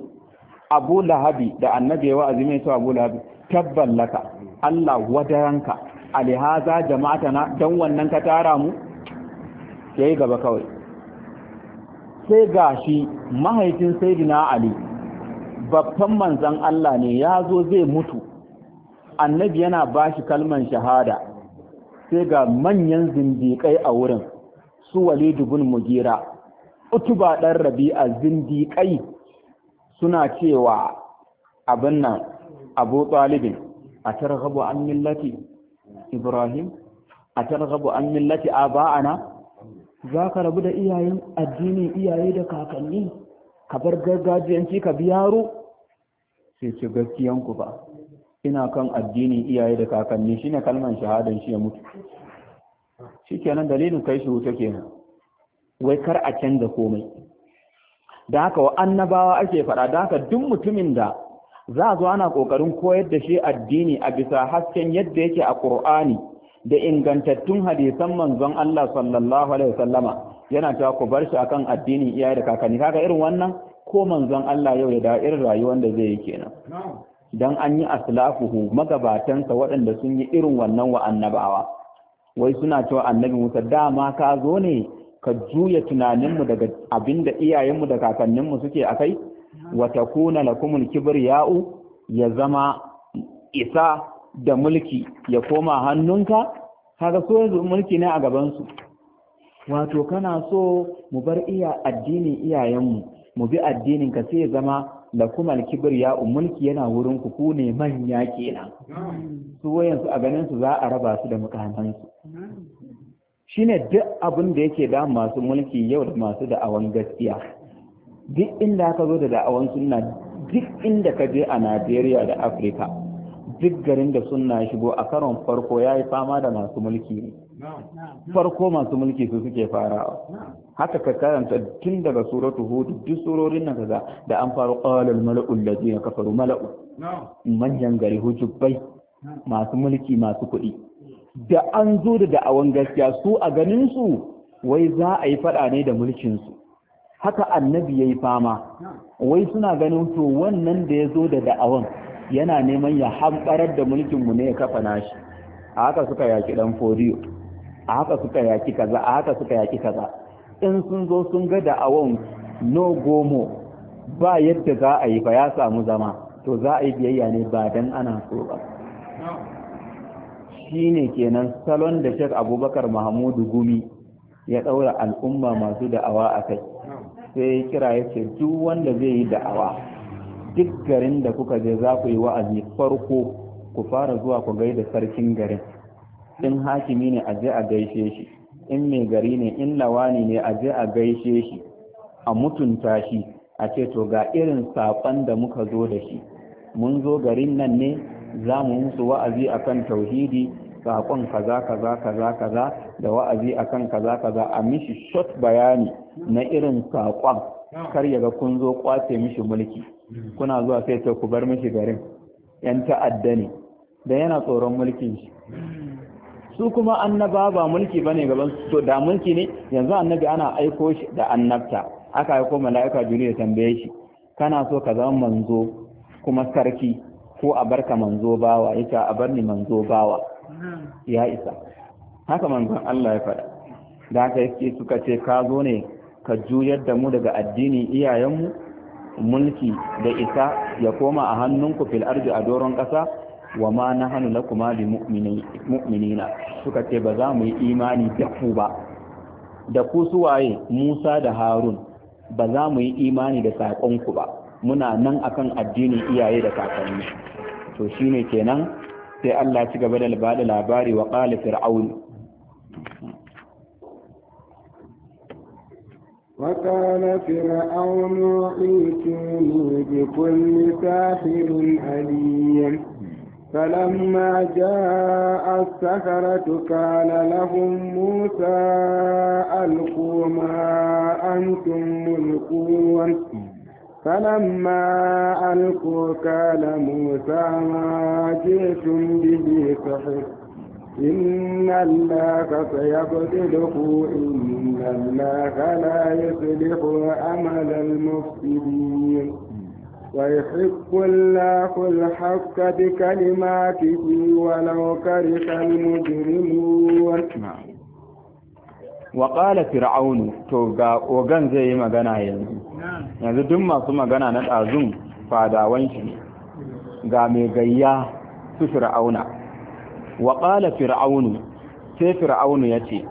abu lahabi da annabi wa azumi to abu lahabi tabban laka Allah wadaranka alihaza na, dan wannan ka tara mu sai gaba kawai sai gashi mahaifin sayyidina ali babban manzon Allah ne ya zo zai mutu annabi yana bashi kalman shahada sai ga manyan zindiƙai a wurin su walidu bin mugira utuba dan rabi'a zindiƙai suna cewa abin nan abu talibin a targhabu an millati ibrahim a targhabu an millati aba'ana za ka rabu da iyayen addinin iyaye da kakanni ka bar gargajiyanci ka bi yaro sai ce gaskiyanku ba ina kan addinin iyaye da kakanni Shi ne kalman shahadar shi ya mutu shikenan dalilin kai shi wuta kenan wai kar a canza komai da haka wa annabawa ake faɗa da haka duk mutumin da za zo ana ƙoƙarin koyar da shi addini a bisa hasken yadda yake a ƙur'ani da ingantattun hadisan manzon Allah sallallahu alaihi wasallama yana cewa ku bar shi akan addinin iyaye da kakanni kaga irin wannan ko manzon Allah yau da irin rayuwar da zai yi kenan dan an yi aslafuhu magabatansa waɗanda sun yi irin wannan wa annabawa wai suna cewa annabi Musa dama ka zo ne ka juya tunaninmu daga abinda iyayenmu da kakanninmu suke kuna kai. kumul lakumul ya'u ya zama isa da mulki ya koma hannunka haka so yanzu mulki ne a gabansu. wato kana so mu bar iya addinin iyayenmu mu bi addinin ka sai ya zama kibir ya'u mulki yana wurin ku ku ne manya kenan su wayansu a ganin su za a raba su da mukamansu shine duk abin da yake da masu mulki yau da masu da'awan gaskiya duk inda ka zo da da'awan sunna duk inda ka je a Najeriya da Afirka duk garin da sunna shigo a karon farko ya yi fama da masu mulki ne farko masu mulki su suke farawa haka ka karanta tun daga suratu hudu duk surorin nan kaza da an faru qalal mala'u allazina kafaru mala'u manyan gari hujubbai masu mulki masu kuɗi da an zo da da'awan gaskiya su a ganinsu, wai za a yi fada ne da mulkinsu. haka annabi yayi fama wai suna ganin to wannan da ya zo da da'awan yana neman ya hamɓarar da mulkin mu ne ya kafa nashi a haka suka yaki dan fodiyo a haka suka yaki kaza a haka suka yaki kaza in sun zo sun ga da'awan no gomo ba yadda za a yi ba ya samu zama to za a yi biyayya ne ba dan ana so ba Shi shine kenan salon da Shek Abubakar Mahmudu Gumi ya daura al'umma masu da'awa a kai sai ya kira ya ce duk wanda zai yi da'awa duk garin da kuka je za ku yi wa'azi farko ku fara zuwa ku gaida sarkin garin in hakimi ne a je a gaishe shi in mai gari ne in lawani ne a je a gaishe shi a mutunta shi a ce to ga irin saƙon da muka zo da shi mun zo garin nan ne za mu musu wa'azi a kan tauhidi saƙon kaza kaza kaza kaza da wa'azi a kan kaza kaza a mishi shot bayani na irin saƙon kar ya ga kun zo ƙwace mishi mulki kuna zuwa sai ta ku bar mishi garin yan ta'adda ne da yana tsoron mulkin shi su kuma annaba ba mulki bane gaban su to da mulki ne yanzu annabi ana aiko shi da annabta aka aiko mala'ika juri ya tambaye shi kana so ka zama manzo kuma sarki ko a barka manzo bawa yake a barni manzo bawa ya isa haka manzon Allah ya faɗa da haka yake suka ce ka zo ne ka juyar da mu daga addinin iyayenmu mulki da isa ya koma a hannunku fil ardi a doron ƙasa wa ma na lakuma bi mu'minina suka ce ba za mu yi imani da ku ba da ku suwaye Musa da Harun ba za mu yi imani da saƙonku ba muna nan akan addinin iyaye da kakanni to shine kenan sai Allah ci gaba da bada labari wa qali fir'aun wa qala fir'aun ayyuni bi kulli sahirin aliyyan فلما جاء السفرة كان لهم موسى ألقوا ما أنتم ملقون فلما ألقوا قال موسى ما جئتم به سحر إن الله سيبطله إن الله لا يصلح عمل المفسدين ويحق الله الحق بكلماته ولو كره المجرمون Waƙala fir'aunu to ga ogan zai yi magana yanzu yanzu duk masu magana na ɗazun fadawan shi ga mai gayya su fir'auna wa fir'aunu sai fir'aunu ya ce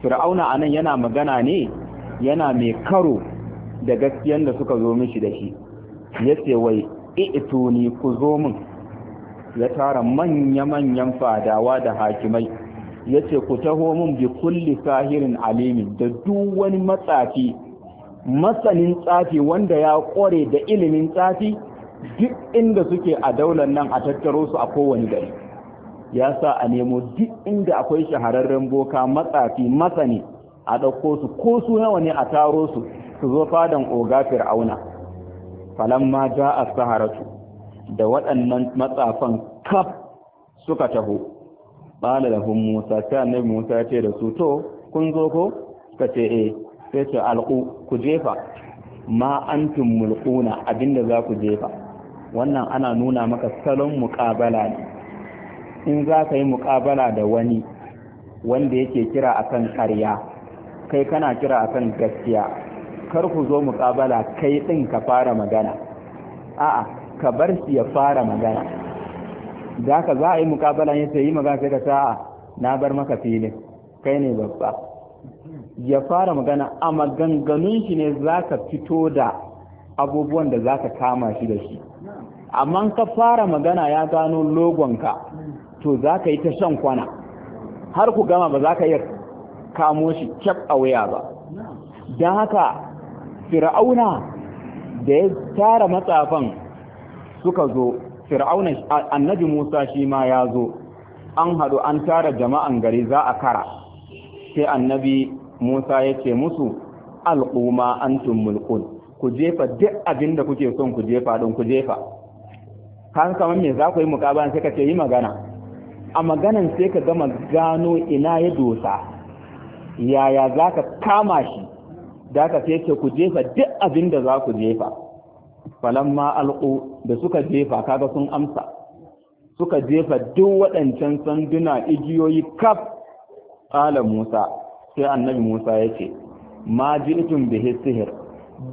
fir'auna a nan yana magana ne yana mai karo da gaskiyan da suka zo mishi da shi ya ce wai i'tuni ku zo min ya tara manya-manyan fadawa da hakimai yace ku taho mun bi kulli sahirin alimin da duk wani matsafi masanin tsafi wanda ya kore da ilimin tsafi duk inda suke a daular nan a tattaro su a kowane gari ya sa a nemo duk inda akwai shahararren boka matsafi masani a ɗauko su ko su nawa ne a taro su su zo fadan oga fir'auna falan ja a saharatu da waɗannan matsafan kaf suka taho da lahum musa ta annabi musa ya ce da su to kun zo ko Ka ce eh sai ce alqu ku jefa ma antum mulquna abinda za ku jefa wannan ana nuna maka salon muqabala ne in za ka yi muqabala da wani wanda yake kira akan ƙarya kai kana kira akan gaskiya kar ku zo muqabala kai din ka fara magana a'a ka bar shi ya fara magana da haka za a yi mukabala ya sai yi magana sai ka sa'a na bar maka filin kai ne babba ya fara magana a maganganun shi ne za ka fito da abubuwan da za ka kama shi da shi amma ka fara magana ya gano logonka to za ka yi ta shan kwana har ku gama ba za ka yi kamo shi cap a waya ba don haka fir'auna da ya tara matsafan suka zo fir'auna annabi Musa shi ma ya zo an haɗu an tara jama'an gari za a kara sai annabi Musa ya ce musu alquma antum mulkun ku jefa duk abin da kuke son ku jefa don ku jefa kan kamar me za ku yi muƙabala sai ka ce yi magana a maganan sai ka gama gano ina ya dosa yaya za ka kama shi da ka ce ku jefa duk abin da za ku jefa falamma alqu da suka jefa kaga sun amsa suka jefa duk waɗancan sanduna igiyoyi kaf ala Musa sai annabi Musa ce ma ji'tum bihi sihir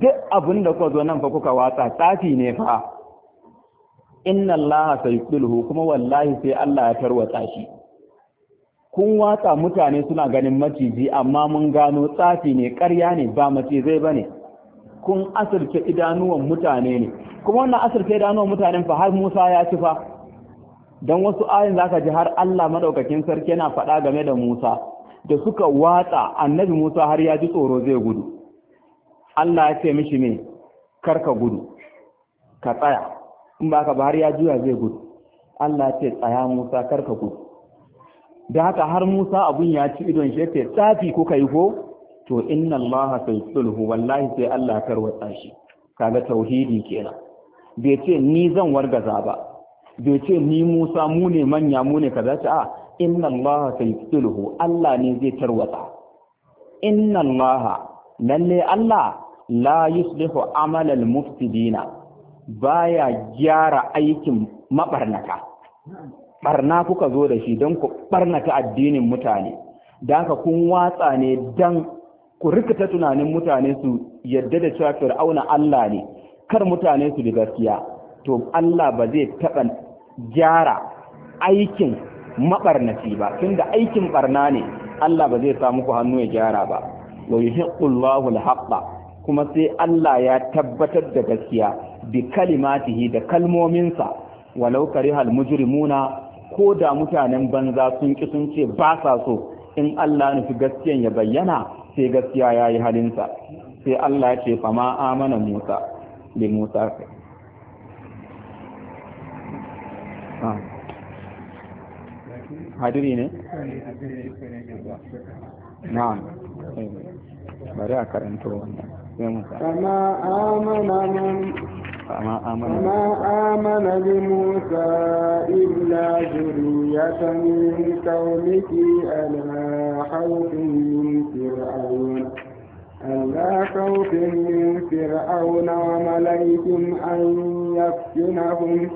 duk abin da kuka zo nan fa kuka watsa tsafi ne fa inna allaha sayqilhu kuma wallahi sai Allah ya tarwatsa shi kun watsa mutane suna ganin maciji amma mun gano tsafi ne ƙarya ne ba macizai bane kun asirce idanuwan mutane ne kuma wannan asirce idanuwan mutanen fa har Musa ya ci fa dan wasu ayin zaka ji har Allah madaukakin sarki yana faɗa game da Musa da suka watsa annabi Musa har ya ji tsoro zai gudu Allah ya ce mishi ne karka gudu ka tsaya in ba ka ba har ya juya zai gudu Allah ya ce tsaya Musa karka gudu da haka har Musa abun ya ci idon shi ya ce tsafi ko yi ko to inna Allah sai sulhu wallahi sai Allah karwatsa shi kaga tauhidi kenan bai ce ni zan wargaza ba bai ce ni Musa mu ne manya mu ne kaza ta a inna Allah sai sulhu Allah ne zai tarwatsa inna Allah lalle Allah la yuslihu amalal mufsidina baya gyara aikin maɓarnaka. barna kuka zo da shi don ku barnata addinin mutane da ka kun watsa ne dan ku rikita tunanin mutane su yadda da cewa fir'auna Allah ne kar mutane su da gaskiya to Allah ba zai taɓa gyara aikin maɓarnaci ba tunda aikin barna ne Allah ba zai sa muku hannu ya gyara ba wa yuhiqqu Allahu al-haqqa kuma sai Allah ya tabbatar da gaskiya bi kalimatihi da kalmominsa walau karihal mujrimuna ko da mutanen banza sun ki sun ce ba sa so in Allah nufi gaskiyan ya bayyana sai gaskiya ya yi halinsa sai Allah ce fama amana Musa da Musa kai ah. hadiri ne? na'am bari a karanto wannan sai Musa fama amana فما آمن لموسى إلا جرية من قومه ألا خوف من فرعون ألا خوف من فرعون وملئهم أن يفتنهم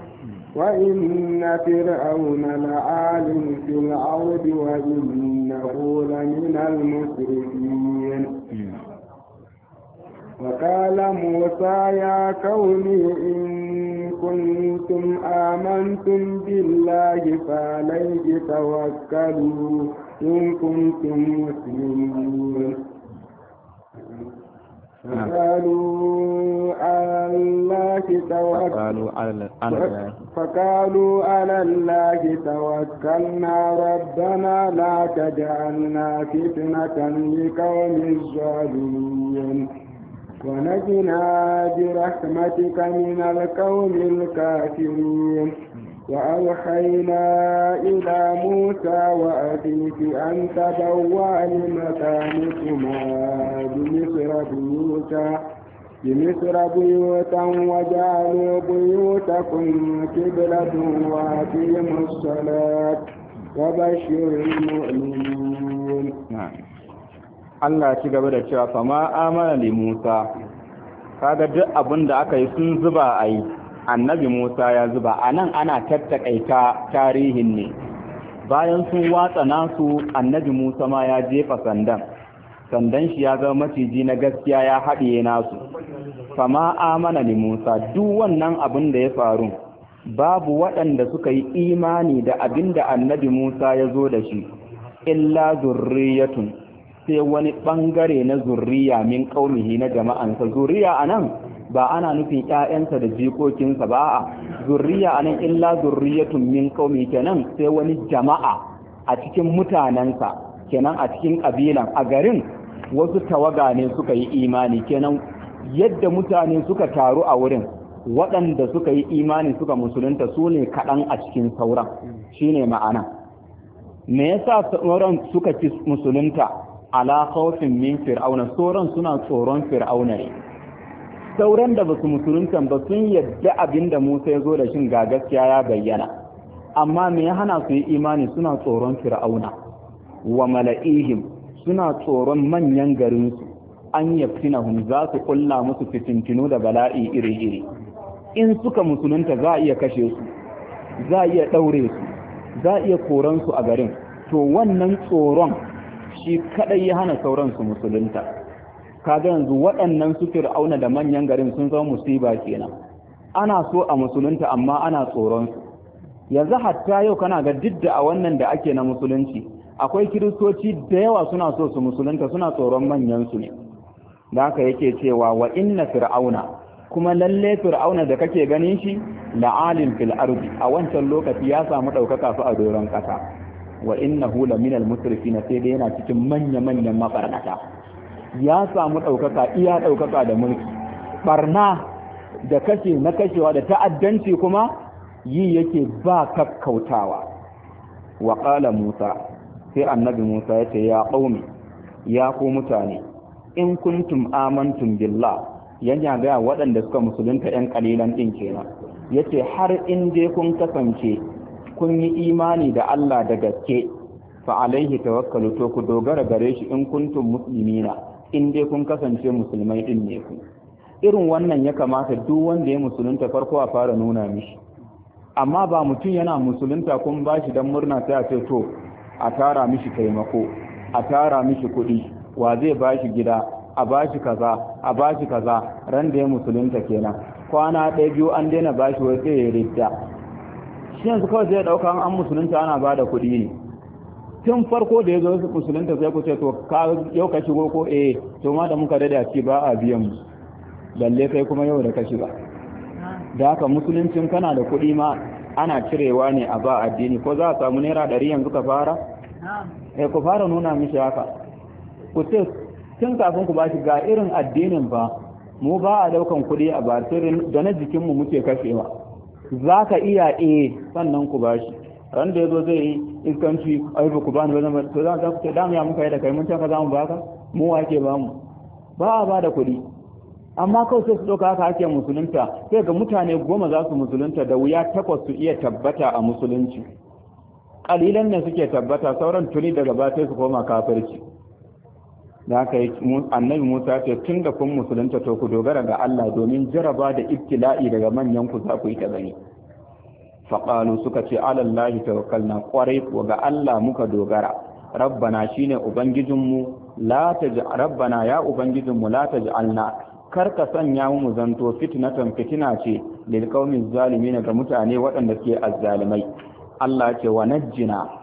وإن فرعون لعال في الأرض وإنه لمن المسرفين فقال موسى يا قوم إن كنتم آمنتم بالله فعليه توكلوا إن كنتم مسلمين فقالوا على الله توكلنا فقالوا على الله توكلنا ربنا لا تجعلنا فتنة لقوم الظالمين ونجنا برحمتك من القوم الكافرين وأوحينا إلى موسى وأتيك أن تبوى لمكانكما بمصر بيوتا بمصر بيوتا وجعلوا بيوتكم قبلة وأقيموا الصلاة وبشر المؤمنين نعم. Allah ci gaba da cewa fama amana li Musa kaga duk abin da aka yi sun zuba a yi annabi Musa ya zuba a nan ana tattakaita tarihin ne bayan sun watsa nasu annabi Musa ma ya jefa sandan sandan shi ya zama maciji na gaskiya ya haɗiye nasu fama amana li Musa duk wannan abin da ya faru babu waɗanda suka yi imani da abinda annabi Musa ya zo da shi illa zurriyatun sai wani bangare na zurriya min kaumihi na jama'ansa zurriya anan ba ana nufin ƴaƴansa da jikokinsa ba a zurriya anan illa zurriyatun min qaumi kenan sai wani jama'a a cikin mutanensa kenan a cikin kabilan a garin wasu tawaga ne suka yi imani kenan yadda mutane suka taru a wurin waɗanda suka yi imani suka musulunta su ne kaɗan a cikin sauran shine ma'ana me yasa sauran suka ci musulunta ala khawfin min fir'auna sauran suna tsoron fir'auna ne sauran da basu musulunta ba sun yadda abinda Musa ya zo da shin ga gaskiya ya bayyana amma me ya hana su yi imani suna tsoron fir'auna wa mala'ihim suna tsoron manyan garin su an hum za su kulla musu fitintinu da bala'i iri-iri in suka musulunta za a iya kashe su za a iya daure su za a iya koransu a garin to wannan tsoron shi kadai ya hana sauran su musulunta kaga yanzu waɗannan su fir'auna da manyan garin sun zama musiba kenan ana so a musulunta amma ana tsoron su yanzu hatta yau kana ga didda a wannan da ake na musulunci akwai kiristoci da yawa suna so su musulunta suna tsoron manyan su ne da haka yake cewa wa inna fir'auna kuma lalle fir'auna da kake ganin shi la'alin fil ardi a wancan lokaci ya samu ɗaukaka su a doron ƙasa wa innahu minal musrifina sai dai yana cikin manya-manyan mabarnata ya samu ɗaukaka iya ɗaukaka da mulki barna da kashe na kashewa da ta'addanci kuma yi yake ba kakkautawa wa qala musa sai annabi musa ya ya qaumi ya ku mutane in kuntum amantum billah yanya gaya waɗanda suka musulunta ‘yan kalilan ɗin kenan yace har in dai kun kasance kun yi imani da Allah da gaske fa alaihi tawakkalu to ku dogara gare shi in kuntum muslimina in dai kun kasance musulmai din ne ku irin wannan ya kamata duk wanda ya musulunta farko a fara nuna mishi amma ba mutum yana musulunta kun ba shi dan murna sai a ce to a tara mishi taimako a tara mishi kuɗi wa zai ba shi gida a ba shi kaza a ba shi kaza ran da ya musulunta kenan kwana ɗaya biyu an daina ba shi sai ya ridda shi yanzu kawai zai dauka an musulunta ana ba da kuɗi ne tun farko da ya zo musulunta sai ku ce to ka yau ka shigo ko eh to ma da muka dade a ci ba a biyan mu balle kai kuma yau da ka shiga da haka musuluncin kana da kuɗi ma ana cirewa ne a ba addini ko za a samu naira ɗari yanzu ka fara eh ku fara nuna mishi haka ku ce tun kafin ku bashi ga irin addinin ba mu ba a daukan kuɗi a ba da na jikinmu muke kashewa za ka iya e sannan ku bashi ran da ya zo zai yi iskanci ai ba ku bani ba to za ku ce dama ya muka yi da kai mun za mu baka mu wa ke ba mu ba a ba da kuɗi amma kawai sai su ɗauka haka ake musulunta sai ga mutane goma za su musulunta da wuya takwas su iya tabbata a musulunci ƙalilan ne suke tabbata sauran tuni daga ba sai su koma kafirci da haka annabi Musa ce tun da kun musulunta to ku dogara ga Allah domin jaraba da ibtila'i daga manyan ku za ku yi ta gani faƙalu suka ce alallahi tawakkalna kwarai wa ga Allah muka dogara rabbana shine mu la taj'al rabbana ya mu la taj'alna kar ka sanya mu zanto fitnatan fitina ce lil qaumiz zalimin ga mutane waɗanda ke azzalimai Allah ce wa najjina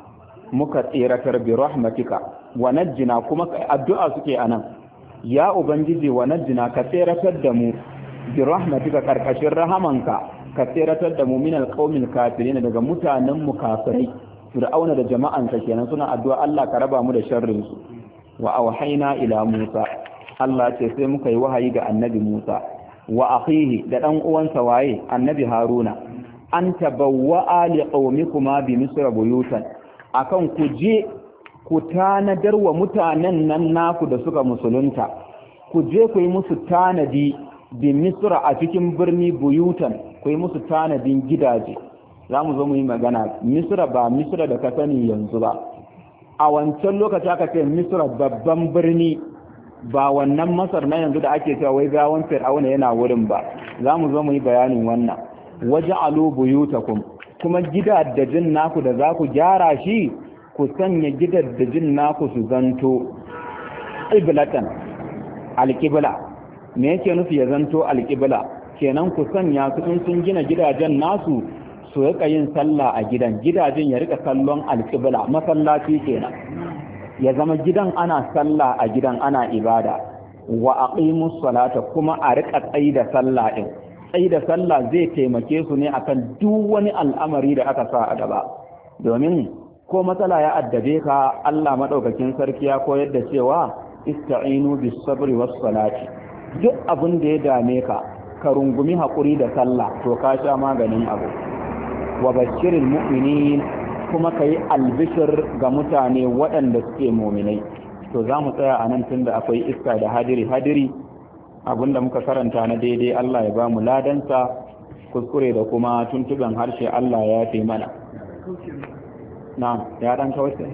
muka tseratar bi rahmatika wa kuma addu'a suke anan ya ubangiji wa najjina ka tseratar da mu bi rahmatika karkashin rahamanka ka tseratar da mu min alqaumil kafirin daga mutanen mu kafirai fir'auna da jama'ansa kenan suna addu'a Allah ka raba mu da sharrin su wa ila Musa Allah ce sai muka yi wahayi ga annabi Musa wa akhihi da dan uwansa waye annabi Haruna an tabawwa'a li qaumikuma bi misra buyutan akan ku je ku tanadar wa mutanen nan naku da suka musulunta ku je ku yi musu tanadi bi misra a cikin birni buyutan ku yi musu tanadin gidaje za mu zo mu yi magana misra ba misra da ka sani yanzu ba a wancan lokaci aka ce misra babban birni ba wannan masar na yanzu da ake cewa wai gawan fir'auna yana wurin ba za mu zo mu yi bayanin wannan waje alo buyutakum kuma jin naku da za ku gyara shi ku sanya jin naku su zanto iblatan alƙibla me yake nufi ya zanto alƙibla kenan ku sanya su in sun gina gidajen nasu su rika yin sallah a gidan gidajen ya rika kallon alƙibla masallaci kenan ya zama gidan ana sallah a gidan ana ibada wa aqimus salata kuma a rika da sallah din sai da sallah zai taimake su ne akan duk wani al'amari da aka sa a gaba domin ko matsala ya addabe ka Allah madaukakin sarki ya koyar da cewa ista'inu bis sabri was salati duk abin da ya dame ka ka rungumi hakuri da sallah to ka sha maganin abu wa bashiril mu'minin kuma kai albishir ga mutane waɗanda suke mu'minai to za mu tsaya a nan tunda akwai iska da hadiri hadiri abinda muka karanta na daidai Allah ya ba mu ladansa kuskure da kuma tuntuban harshe Allah ya fi mana na ya dan kawace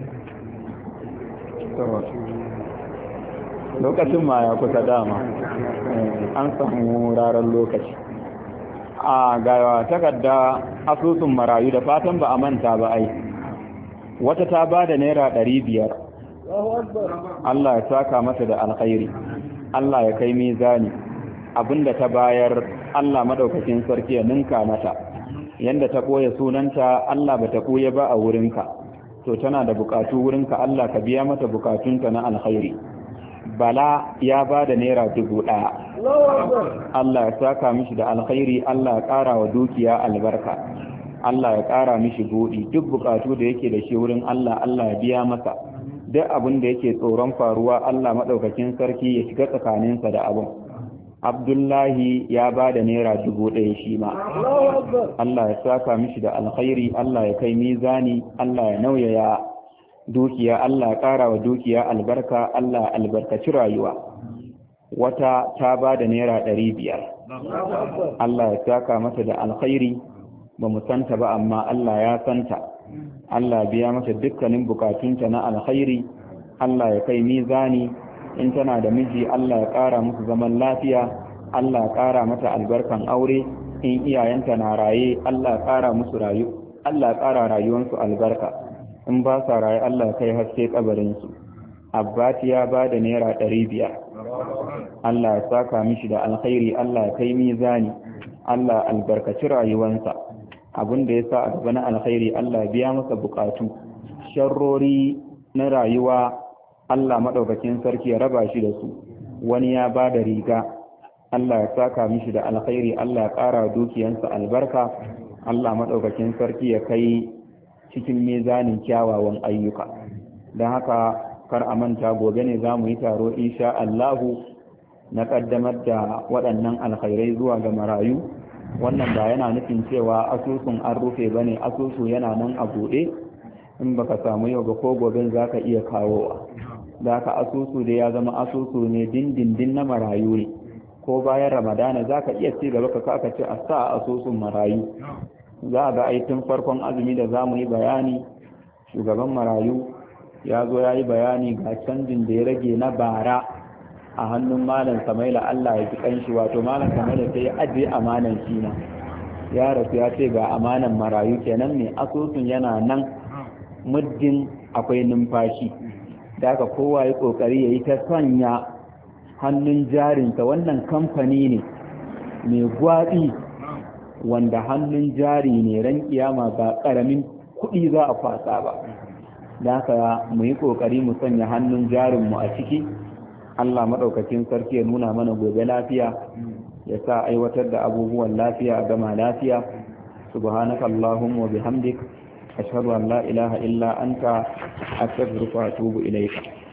lokacin ma ya kusa dama eh, an samu rarar lokaci a ga takarda asusun marayu da fatan ba a manta ba ai wata ta ba da naira ɗari biyar Allah ya saka masa da alkhairi Allah ya kai mizani abinda ta bayar Allah madaukakin sarki ya ninka mata yanda ta koya sunanta Allah ba ta koya ba a wurinka to tana da bukatu wurinka Allah ka biya mata bukatunta na alkhairi bala ya ba da naira dubu ɗaya Allah ya saka mishi da alkhairi Allah ya ƙara wa dukiya albarka Allah ya ƙara mishi buɗi duk bukatu da yake da shi wurin Allah Allah ya biya masa duk abin da yake tsoron faruwa Allah maɗaukakin sarki ya shiga tsakaninsa da abin Abdullahi ya ba da naira dubu ɗaya shi ma Allah ya saka mishi da alkhairi Allah ya kai mizani Allah ya nauyaya dukiya Allah ya ƙara wa dukiya albarka Allah ya albarkaci rayuwa wata ta ba da naira ɗari biyar Allah ya saka mata da alkhairi ba mu santa ba amma Allah ya santa Allah biya mata dukkanin bukatunta na alkhairi Allah ya kai mizani in tana da miji Allah ya ƙara musu zaman lafiya Allah ya ƙara mata albarkan aure in iyayenta na raye Allah ya ƙara musu rayu Allah ya ƙara rayuwansu albarka in ba sa raye Allah ya kai haske kabarinsu Abbati ya ba da naira ɗari biyar Allah ya saka mishi da alkhairi Allah ya kai mizani Allah albarkaci rayuwansa abin da ya sa a gaba na alkhairi Allah biya masa bukatu sharrori na rayuwa Allah maɗaukakin sarki ya raba shi da su wani ya ba da riga Allah ya saka mishi da alkhairi Allah ya ƙara dukiyansa albarka Allah maɗaukakin sarki ya kai cikin mezanin kyawawan ayyuka don haka kar a manta gobe ne za mu yi taro insha Allahu na ƙaddamar da waɗannan alkhairai zuwa ga marayu wannan ba yana nufin cewa asusun an rufe ba ne asusu yana nan a buɗe in baka samu yau ga ko gobe za ka iya kawowa da ka asusu da ya zama asusu ne dindindin na marayu ne ko bayan ramadana za ka iya ci gaba ka kaka ce a sa asusun marayu za a ga aikin farkon azumi da za mu yi bayani shugaban marayu ya zo ya yi bayani ga canjin da ya rage na bara a hannun malam samaila Allah ya ji kanshi wato malam samaila sai ya ajiye amanan shi na ya rasu ya ce ga amanan marayu kenan ne asusun yana nan muddin akwai numfashi da aka kowa ya kokari ya yi ta sanya hannun jarinta wannan kamfani ne mai gwaɗi wanda hannun jari ne ran kiyama ba ƙaramin kuɗi za a kwasa ba da aka mu yi ƙoƙari mu sanya hannun jarinmu a ciki Allah maɗaukacin sarki ya nuna mana gobe lafiya ya sa aiwatar da abubuwan lafiya gama lafiya subhanaka allahumma wa bihamdik ashhadu an la ilaha illa anta astaghfiruka wa atubu ilayka